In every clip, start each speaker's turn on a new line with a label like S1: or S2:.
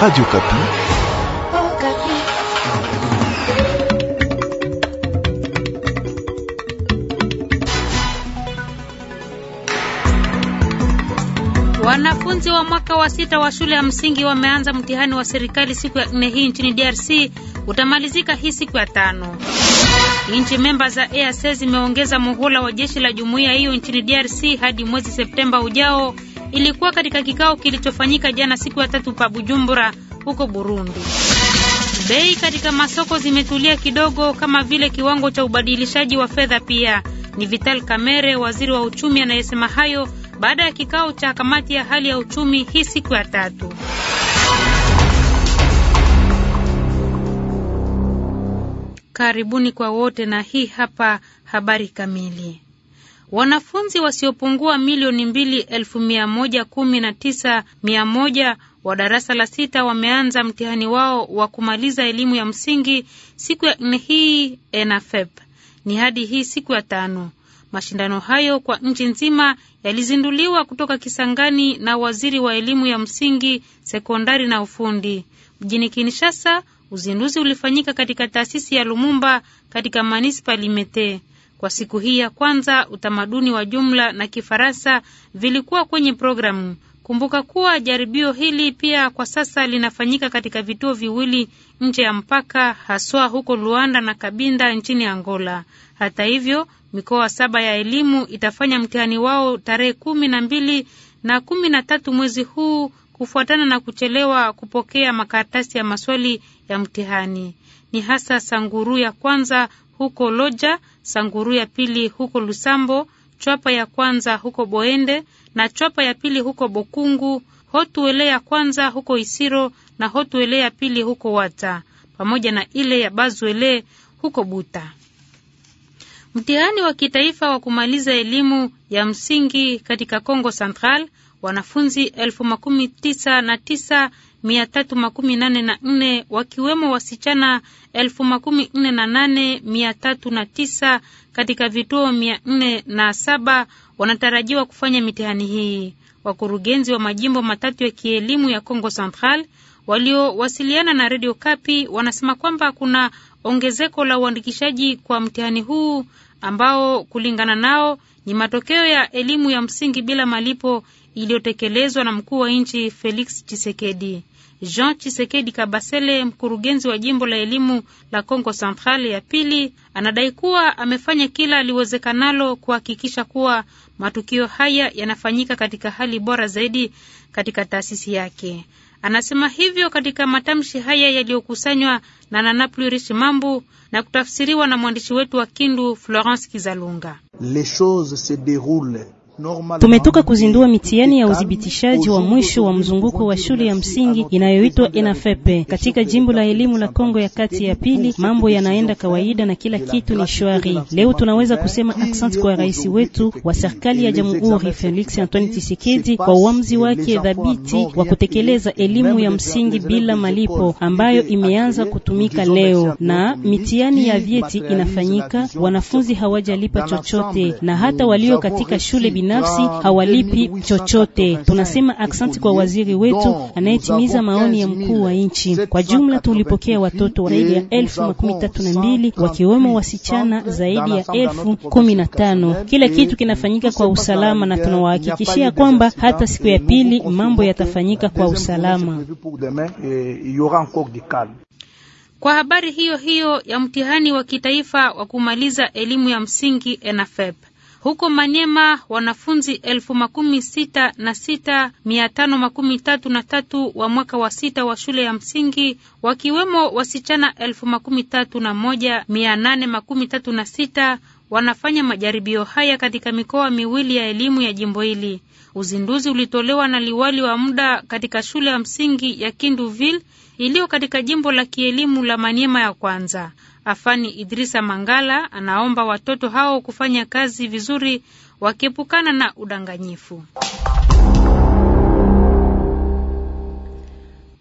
S1: Radio Kapi.
S2: Wanafunzi wa mwaka wa sita wa shule ya msingi wameanza mtihani wa serikali siku ya nne hii nchini DRC utamalizika hii siku ya tano. Nchi memba za EAC zimeongeza muhula wa jeshi la jumuiya hiyo nchini DRC hadi mwezi Septemba ujao ilikuwa katika kikao kilichofanyika jana siku ya tatu pa Bujumbura huko Burundi. Bei katika masoko zimetulia kidogo kama vile kiwango cha ubadilishaji wa fedha pia. Ni Vital Kamerhe, waziri wa uchumi, anayesema hayo baada ya kikao cha kamati ya hali ya uchumi hii siku ya tatu. Karibuni kwa wote na hii hapa habari kamili. Wanafunzi wasiopungua milioni mbili elfu mia moja kumi na tisa mia moja wa darasa la sita wameanza mtihani wao wa kumaliza elimu ya msingi siku ya nne hii ENAFEP ni hadi hii siku ya tano. Mashindano hayo kwa nchi nzima yalizinduliwa kutoka Kisangani na waziri wa elimu ya msingi, sekondari na ufundi mjini Kinshasa. Uzinduzi ulifanyika katika taasisi ya Lumumba katika manispa Limete. Kwa siku hii ya kwanza, utamaduni wa jumla na Kifaransa vilikuwa kwenye programu. Kumbuka kuwa jaribio hili pia kwa sasa linafanyika katika vituo viwili nje ya mpaka, haswa huko Luanda na Kabinda nchini Angola. Hata hivyo, mikoa saba ya elimu itafanya mtihani wao tarehe kumi na mbili na kumi na tatu mwezi huu kufuatana na kuchelewa kupokea makaratasi ya maswali ya mtihani. Ni hasa sanguru ya kwanza huko Loja, Sanguru ya pili huko Lusambo, Chwapa ya kwanza huko Boende na Chwapa ya pili huko Bokungu, Hotuele ya kwanza huko Isiro na Hotuele ya pili huko Wata pamoja na ile ya bazuele huko Buta. Mtihani wa kitaifa wa kumaliza elimu ya msingi katika congo Central, wanafunzi elfu makumi tisa na tisa mia tatu makumi nane na nne wakiwemo wasichana elfu makumi nne na nane mia tatu na tisa katika vituo mia nne na saba wanatarajiwa kufanya mitihani hii. Wakurugenzi wa majimbo matatu ya kielimu ya Congo Central waliowasiliana na Radio Kapi wanasema kwamba kuna ongezeko la uandikishaji kwa mtihani huu ambao kulingana nao ni matokeo ya elimu ya msingi bila malipo iliyotekelezwa na mkuu wa nchi Felix chisekedi Jean chisekedi Kabasele, mkurugenzi wa jimbo la elimu la congo Central ya pili, anadai kuwa amefanya kila aliwezekanalo kuhakikisha kuwa matukio haya yanafanyika katika hali bora zaidi katika taasisi yake. Anasema hivyo katika matamshi haya yaliyokusanywa na Nanaplurish Mambu na kutafsiriwa na mwandishi wetu wa Kindu Florence Kizalunga.
S3: Les
S4: choses se déroulent Tumetoka
S3: kuzindua mitihani ya udhibitishaji wa mwisho wa mzunguko wa shule ya msingi inayoitwa Enafepe katika jimbo la elimu la Kongo ya kati ya pili. Mambo yanaenda kawaida na kila kitu ni shwari. Leo tunaweza kusema aksanti kwa rais wetu wa serikali ya jamhuri Felix Antoine Tshisekedi kwa uamuzi wake dhabiti wa kutekeleza elimu ya msingi bila malipo ambayo imeanza kutumika leo, na mitihani ya vyeti inafanyika, wanafunzi hawajalipa chochote, na hata walio katika shule binafsi hawalipi chochote. Tunasema aksanti kwa waziri wetu anayetimiza maoni ya mkuu wa nchi. Kwa jumla tulipokea watoto zaidi ya elfu makumi tatu na mbili wakiwemo wasichana zaidi ya elfu kumi na tano. Kila kitu kinafanyika kwa usalama na tunawahakikishia kwamba hata siku ya pili mambo yatafanyika kwa usalama.
S4: Eh, eh,
S2: kwa habari hiyo hiyo ya mtihani wa kitaifa wa kumaliza elimu ya msingi ENAFEP. Huko Manyema wanafunzi elfu makumi sita na sita mia tano makumi tatu na tatu wa mwaka wa sita wa shule ya msingi wakiwemo wasichana elfu makumi tatu na moja mia nane makumi tatu na sita wanafanya majaribio haya katika mikoa miwili ya elimu ya jimbo hili. Uzinduzi ulitolewa na liwali wa muda katika shule ya msingi ya Kinduville iliyo katika jimbo la kielimu la Maniema ya kwanza. Afani Idrisa Mangala anaomba watoto hao kufanya kazi vizuri wakiepukana na udanganyifu.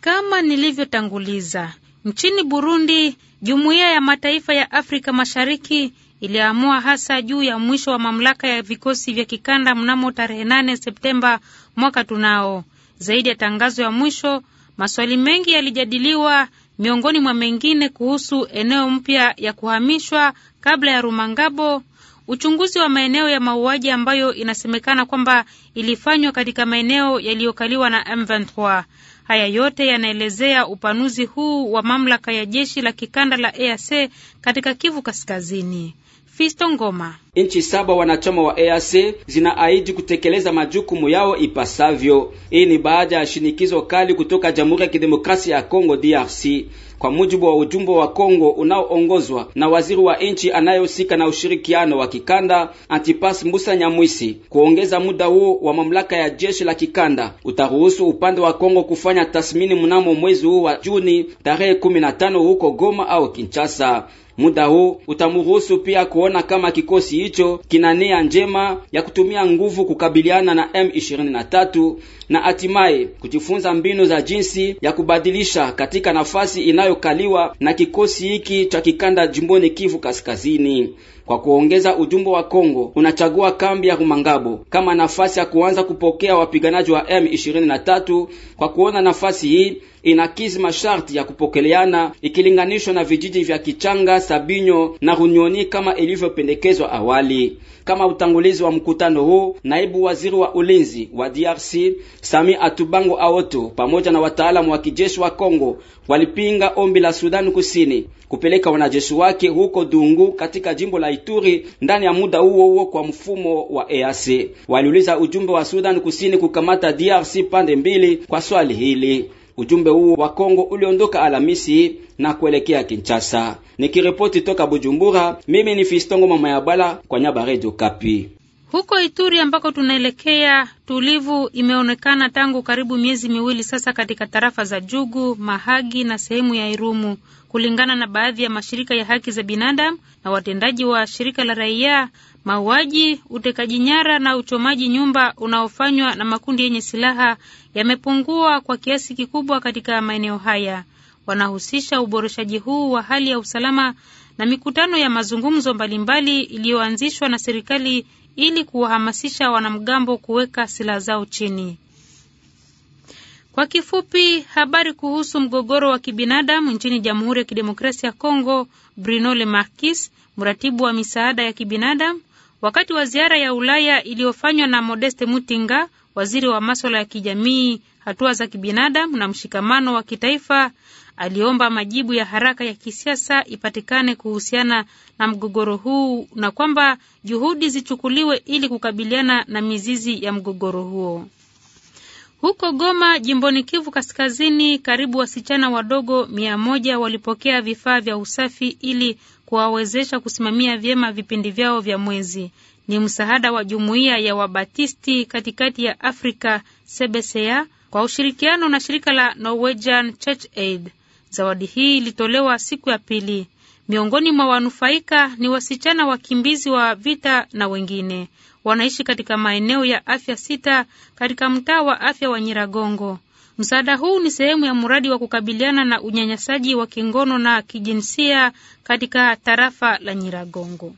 S2: Kama nilivyotanguliza, nchini Burundi, Jumuiya ya Mataifa ya Afrika Mashariki iliamua hasa juu ya mwisho wa mamlaka ya vikosi vya kikanda mnamo tarehe 8 Septemba mwaka tunao. Zaidi ya tangazo ya mwisho, maswali mengi yalijadiliwa miongoni mwa mengine kuhusu eneo mpya ya kuhamishwa kabla ya Rumangabo, uchunguzi wa maeneo ya mauaji ambayo inasemekana kwamba ilifanywa katika maeneo yaliyokaliwa na M23. Haya yote yanaelezea upanuzi huu wa mamlaka ya jeshi la kikanda la EAC katika Kivu Kaskazini. Fisto Ngoma.
S1: Nchi saba wanachama wa EAC zinaahidi kutekeleza majukumu yao ipasavyo. Hii ni baada ya shinikizo kali kutoka Jamhuri ya Kidemokrasia ya Kongo DRC. Kwa mujibu wa ujumbe wa Kongo unaoongozwa na waziri wa nchi anayehusika na ushirikiano wa kikanda Antipas Musa Nyamwisi, kuongeza muda huo wa mamlaka ya jeshi la kikanda utaruhusu upande wa Kongo kufanya tathmini mnamo mwezi huu wa Juni tarehe 15 huko Goma au Kinshasa. Muda huu utamuruhusu pia kuona kama kikosi hicho kina nia njema ya kutumia nguvu kukabiliana na M23 na hatimaye kujifunza mbinu za jinsi ya kubadilisha katika nafasi inayokaliwa na kikosi hiki cha kikanda jimboni Kivu Kaskazini. Kwa kuongeza, ujumbe wa Kongo unachagua kambi ya Rumangabo kama nafasi ya kuanza kupokea wapiganaji wa M23 kwa kuona nafasi hii inakizi masharti ya kupokeleana ikilinganishwa na vijiji vya Kichanga, Sabinyo na Runyoni kama ilivyopendekezwa awali. Kama utangulizi wa mkutano huu, naibu waziri wa ulinzi wa DRC Sami Atubango Aoto pamoja na wataalamu wa kijeshi wa Kongo walipinga ombi la Sudani Kusini kupeleka wanajeshi wake huko Dungu katika jimbo la Ituri ndani ya muda huo huo kwa mfumo wa EAC. Waliuliza ujumbe wa Sudani Kusini kukamata DRC pande mbili kwa swali hili. Ujumbe huo wa Kongo uliondoka Alhamisi na kuelekea Kinshasa. Nikiripoti toka Bujumbura, mimi ni Fistongo mama ya Bala kwa nyaba Radio Kapi.
S2: Huko Ituri ambako tunaelekea, tulivu imeonekana tangu karibu miezi miwili sasa katika tarafa za Jugu, Mahagi na sehemu ya Irumu, kulingana na baadhi ya mashirika ya haki za binadamu na watendaji wa shirika la raia. Mauaji, utekaji nyara na uchomaji nyumba unaofanywa na makundi yenye silaha yamepungua kwa kiasi kikubwa katika maeneo haya. Wanahusisha uboreshaji huu wa hali ya usalama na mikutano ya mazungumzo mbalimbali iliyoanzishwa na serikali ili kuwahamasisha wanamgambo kuweka silaha zao chini. Kwa kifupi, habari kuhusu mgogoro wa kibinadamu nchini Jamhuri ya Kidemokrasia ya Kongo. Bruno Le Marquis, mratibu wa misaada ya kibinadamu, wakati wa ziara ya Ulaya iliyofanywa na Modeste Mutinga, waziri wa maswala ya kijamii hatua za kibinadamu na mshikamano wa kitaifa, aliomba majibu ya haraka ya kisiasa ipatikane kuhusiana na mgogoro huu na kwamba juhudi zichukuliwe ili kukabiliana na mizizi ya mgogoro huo. Huko Goma, jimboni Kivu Kaskazini, karibu wasichana wadogo mia moja walipokea vifaa vya usafi ili kuwawezesha kusimamia vyema vipindi vyao vya mwezi. Ni msaada wa jumuiya ya Wabatisti katikati ya Afrika, Sebeseya, kwa ushirikiano na shirika la Norwegian Church Aid. Zawadi hii ilitolewa siku ya pili. Miongoni mwa wanufaika ni wasichana wakimbizi wa vita na wengine wanaishi katika maeneo ya afya sita katika mtaa wa afya wa Nyiragongo. Msaada huu ni sehemu ya mradi wa kukabiliana na unyanyasaji wa kingono na kijinsia katika tarafa la Nyiragongo.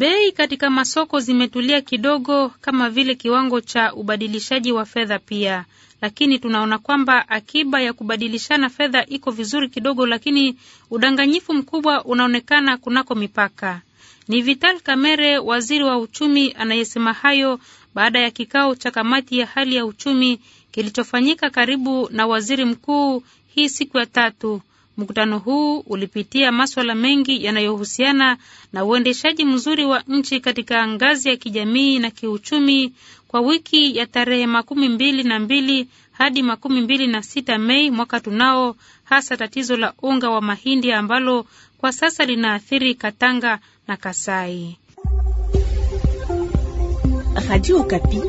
S2: Bei katika masoko zimetulia kidogo kama vile kiwango cha ubadilishaji wa fedha pia, lakini tunaona kwamba akiba ya kubadilishana fedha iko vizuri kidogo, lakini udanganyifu mkubwa unaonekana kunako mipaka. Ni Vital Kamerhe, waziri wa uchumi, anayesema hayo baada ya kikao cha kamati ya hali ya uchumi kilichofanyika karibu na waziri mkuu hii siku ya tatu. Mkutano huu ulipitia maswala mengi yanayohusiana na uendeshaji mzuri wa nchi katika ngazi ya kijamii na kiuchumi kwa wiki ya tarehe makumi mbili na mbili hadi makumi mbili na sita Mei mwaka tunao, hasa tatizo la unga wa mahindi ambalo kwa sasa linaathiri Katanga na Kasai.
S3: Radio Okapi.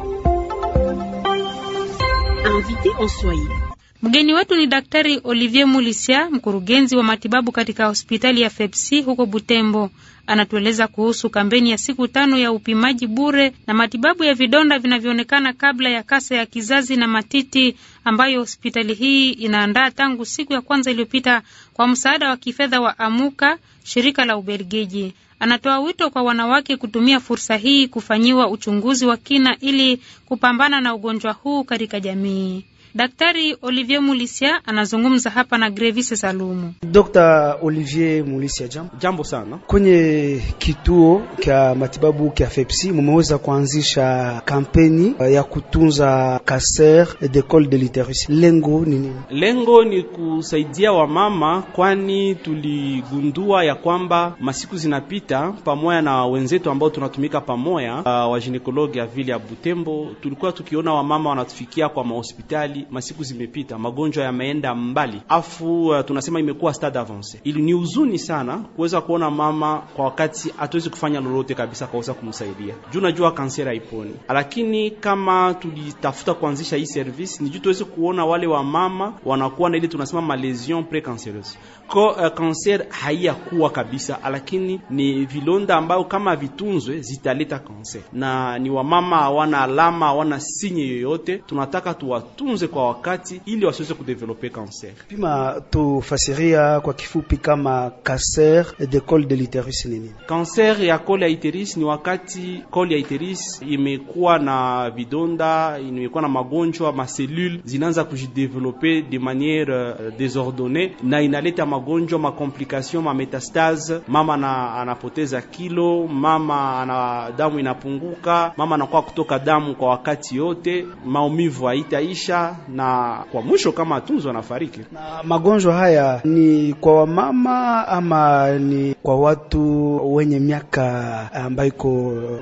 S2: Mgeni wetu ni Daktari Olivier Mulisia, mkurugenzi wa matibabu katika hospitali ya Fepsi huko Butembo. Anatueleza kuhusu kampeni ya siku tano ya upimaji bure na matibabu ya vidonda vinavyoonekana kabla ya kasa ya kizazi na matiti ambayo hospitali hii inaandaa tangu siku ya kwanza iliyopita kwa msaada wa kifedha wa Amuka, shirika la Ubelgiji. Anatoa wito kwa wanawake kutumia fursa hii kufanyiwa uchunguzi wa kina ili kupambana na ugonjwa huu katika jamii. Daktari Olivier Mulisia anazungumza hapa na Grevis Salumu.
S4: Dr. Olivier Mulisia, jambo. Jambo sana. Kwenye kituo kya matibabu kya FEPSI mumeweza kuanzisha kampeni ya kutunza kaser de col de l'utérus. Lengo ni nini?
S5: Lengo ni kusaidia wamama, kwani tuligundua ya kwamba masiku zinapita pamoja na wenzetu ambao tunatumika pamoja, uh, wa ginekologi ya vile ya Butembo, tulikuwa tukiona wamama wanatufikia kwa mahospitali masiku zimepita, magonjwa yameenda mbali, afu uh, tunasema imekuwa stade avance. Ili ni huzuni sana kuweza kuona mama kwa wakati hatuwezi kufanya lolote kabisa kaweza kumsaidia juu najua kansera haiponi, lakini kama tulitafuta kuanzisha hii service ni juu tuweze kuona wale wa mama wanakuwa na ile tunasema malesion precancereuse ko uh, kanser haiyakuwa kabisa, lakini ni vilonda ambayo kama vitunzwe zitaleta kanser, na ni wamama hawana alama hawana sinye yoyote, tunataka tuwatunze kwa wakati ili wasiweze kudevelope kanser.
S4: Pima tufasiria kwa kifupi kama kanser de col de l'utérus ni nini?
S5: Kanser ya col ya uterus ni wakati col ya uterus imekuwa na vidonda, imekuwa na magonjwa, maselule zinaanza kujidevelope de maniere euh, desordonnée na inaleta magonjwa, makomplikation, mametastase. Mama na, anapoteza kilo, mama ana damu inapunguka, mama anakuwa kutoka damu kwa wakati yote, maumivu haitaisha na kwa mwisho kama atunzo anafariki.
S4: Na magonjwa haya ni kwa wamama ama ni kwa watu wenye miaka ambayo iko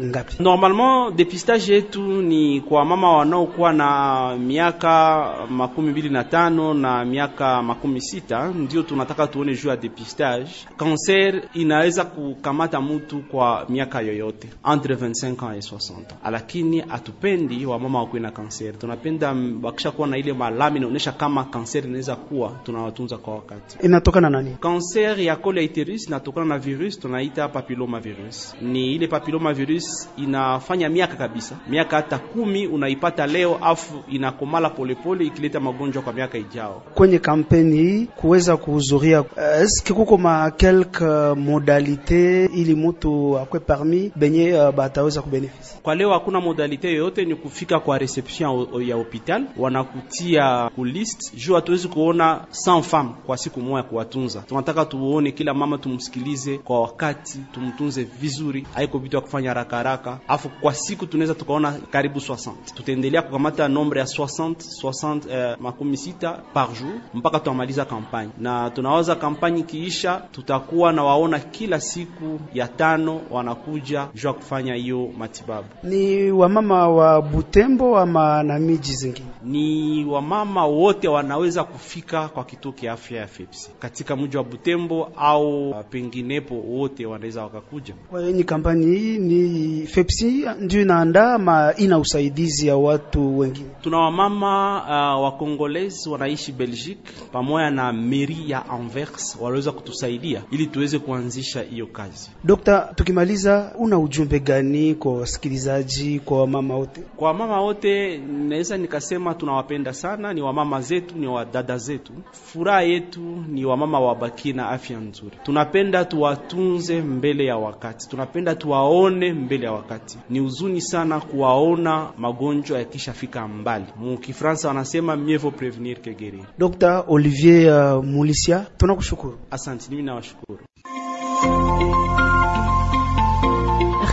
S4: ngapi?
S5: Normalement depistage yetu ni kwa wamama wanaokuwa na miaka makumi mbili na tano na miaka makumi sita ndio tunataka tuone juu ya depistage. Kanser inaweza kukamata mtu kwa miaka yoyote entre 25 ans et 60 ans, lakini atupendi wamama wakuwe na kanser, tunapenda wakisha kuwa na ile malami inaonyesha kama kanseri inaweza kuwa, tunawatunza kwa wakati.
S4: Inatokana na nini?
S5: Kanseri ya kola uterus inatokana na virus tunaita papilloma virus. Ni ile papilloma virus inafanya miaka kabisa, miaka hata kumi unaipata leo, afu inakomala polepole ikileta magonjwa kwa miaka ijao.
S4: Kwenye kampeni hii kuweza kuhudhuria, eh, eske kuko ma quelque eh, modalite ili mtu akwe parmi benye uh, bataweza kubenefisi?
S5: Kwa leo hakuna modalite yoyote, ni kufika kwa reception ya hospital wana kutia kulist juu hatuwezi kuona sans femme kwa siku moja kuwatunza. Tunataka tuone kila mama, tumsikilize kwa wakati, tumtunze vizuri, haiko vitu ya kufanya haraka haraka. Afu kwa siku tunaweza tukaona karibu 60. Tutaendelea kukamata nombre ya 60 60, eh, makumi sita par jour mpaka tuamaliza kampanye, na tunawaza kampanye kiisha, tutakuwa na waona kila siku ya tano wanakuja juu ya kufanya hiyo matibabu.
S4: Ni wamama wa Butembo ama na miji zingine
S5: ni wamama wote wanaweza kufika kwa kituo kia afya ya FEPSI katika mji wa Butembo au uh, penginepo, wote wanaweza wakakuja.
S4: Ni kampani hii ni FEPSI ndio inaandaa ma ina usaidizi ya watu wengine.
S5: Tuna wamama uh, kongolese wanaishi Belgique pamoja na meri ya Anvers waliweza kutusaidia ili tuweze kuanzisha hiyo kazi.
S4: Dokta, tukimaliza, una ujumbe gani kwa wasikilizaji, kwa wamama wote?
S5: Kwa wamama wote naweza nikasema tuna tunawapenda sana, ni wamama zetu, ni wadada zetu. Furaha yetu ni wamama wabakie na afya nzuri. Tunapenda tuwatunze mbele ya wakati, tunapenda tuwaone mbele ya wakati. Ni huzuni sana kuwaona magonjwa yakishafika mbali. Mukifransa wanasema mieux vaut prevenir que guérir.
S4: Dr. Olivier uh, Mulisia, tunakushukuru.
S5: Asante, mimi nawashukuru.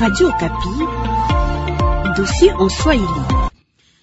S3: Radio Kapi, dossier en Swahili.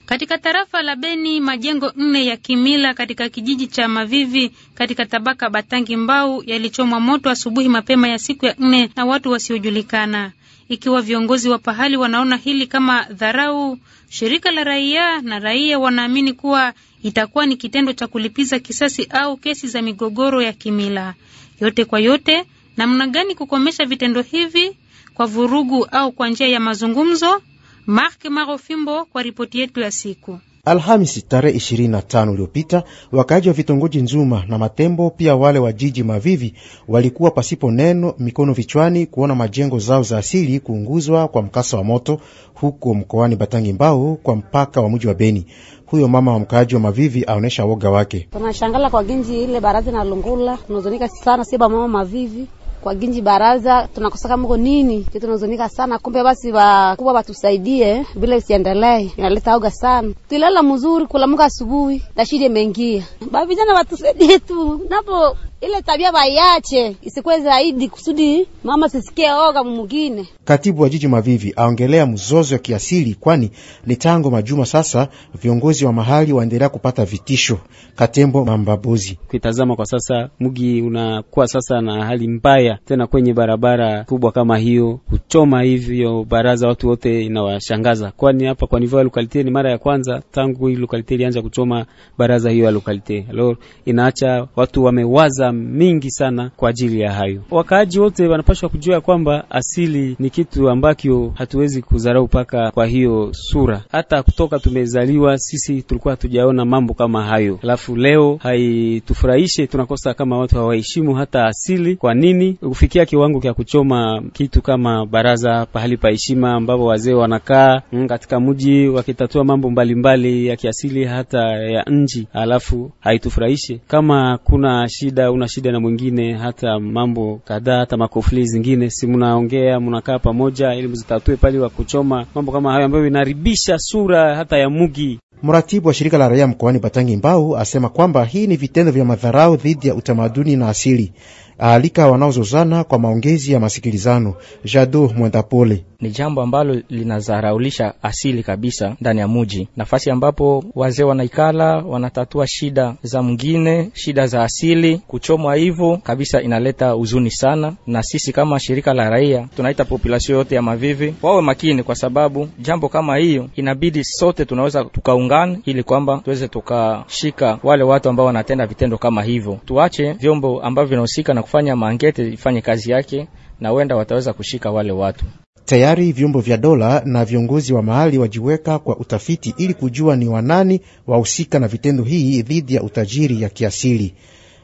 S2: Katika tarafa la Beni, majengo nne ya kimila katika kijiji cha Mavivi katika tabaka Batangi Mbau yalichomwa moto asubuhi mapema ya siku ya nne na watu wasiojulikana. Ikiwa viongozi wa pahali wanaona hili kama dharau, shirika la raia na raia wanaamini kuwa itakuwa ni kitendo cha kulipiza kisasi au kesi za migogoro ya kimila. Yote kwa yote, namna gani kukomesha vitendo hivi kwa vurugu au kwa njia ya mazungumzo? Mark Marofimbo kwa ripoti yetu ya siku.
S6: Alhamisi tarehe 25 iliyopita wakaaji wa vitongoji Nzuma na Matembo pia wale wa jiji Mavivi walikuwa pasipo neno mikono vichwani kuona majengo zao za asili kuunguzwa kwa mkasa wa moto huko mkoani Batangi Mbao kwa mpaka wa mji wa Beni. Huyo mama wa mkaaji wa Mavivi aonesha woga wake.
S3: Tunashangala kwa ginji ile barazi na lungula tunazonika sana siba mama Mavivi kwa ginji baraza tunakosaka mko nini kitu tunazonika sana, kumbe basi wakubwa watusaidie bila isiendelee, inaleta oga sana. Tulala mzuri, kulamuka asubuhi, shida imeingia, ba vijana watusaidie tu napo ile tabia baiache isikuwe zaidi kusudi mama sisikie oga mwingine.
S6: Katibu wa jiji Mavivi aongelea mzozo wa kiasili, kwani ni tango majuma sasa viongozi wa mahali waendelea kupata vitisho. Katembo Mambabuzi:
S7: kuitazama kwa sasa mugi unakuwa sasa na hali mbaya tena, kwenye barabara kubwa kama hiyo kuchoma hivyo baraza watu wote inawashangaza, kwani hapa kwa nivou ya lokalite ni mara ya kwanza tangu hii lokalite ilianza kuchoma baraza hiyo ya lokalite. Alors inaacha watu wamewaza mingi sana kwa ajili ya hayo. Wakaaji wote wanapaswa kujua kwamba asili ni kitu ambakyo hatuwezi kudharau paka kwa hiyo sura. Hata kutoka tumezaliwa sisi tulikuwa hatujaona mambo kama hayo, alafu leo haitufurahishe. Tunakosa kama watu hawaheshimu hata asili. Kwa nini kufikia kiwango kya kuchoma kitu kama baraza pahali pa heshima ambapo wazee wanakaa mm, katika mji wakitatua mambo mbalimbali mbali ya kiasili hata ya nji alafu haitufurahishe. Kama kuna shida una hamna shida na mwingine, hata mambo kadhaa, hata makofli zingine, si mnaongea mnakaa pamoja ili mzitatue pale wa kuchoma mambo kama hayo ambayo inaribisha sura hata ya mugi.
S6: Mratibu wa shirika la raia mkoani Batangi Mbau asema kwamba hii ni vitendo vya madharau dhidi ya utamaduni na asili aalika wanaozozana kwa maongezi ya masikilizano. Jado Mwendapole:
S1: ni jambo ambalo linazaraulisha asili kabisa ndani ya muji, nafasi ambapo wazee wanaikala wanatatua shida za mwingine, shida za asili. Kuchomwa hivyo kabisa inaleta huzuni sana, na sisi kama shirika la raia tunaita populasio yote ya Mavivi wawe makini, kwa sababu jambo kama hiyo inabidi sote tunaweza tukaungana, ili kwamba tuweze tukashika wale watu ambao wanatenda vitendo kama hivyo. Tuache vyombo ambavyo vinahusika na kufanya mangete ifanye kazi yake, na wenda wataweza kushika wale watu.
S6: Tayari vyombo vya dola na viongozi wa mahali wajiweka kwa utafiti ili kujua ni wanani wahusika na vitendo hii dhidi ya utajiri ya kiasili.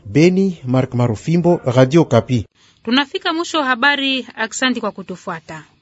S6: Beni, Mark Marufimbo, Radio Kapi.
S2: Tunafika mwisho wa habari. Aksanti kwa
S3: kutufuata.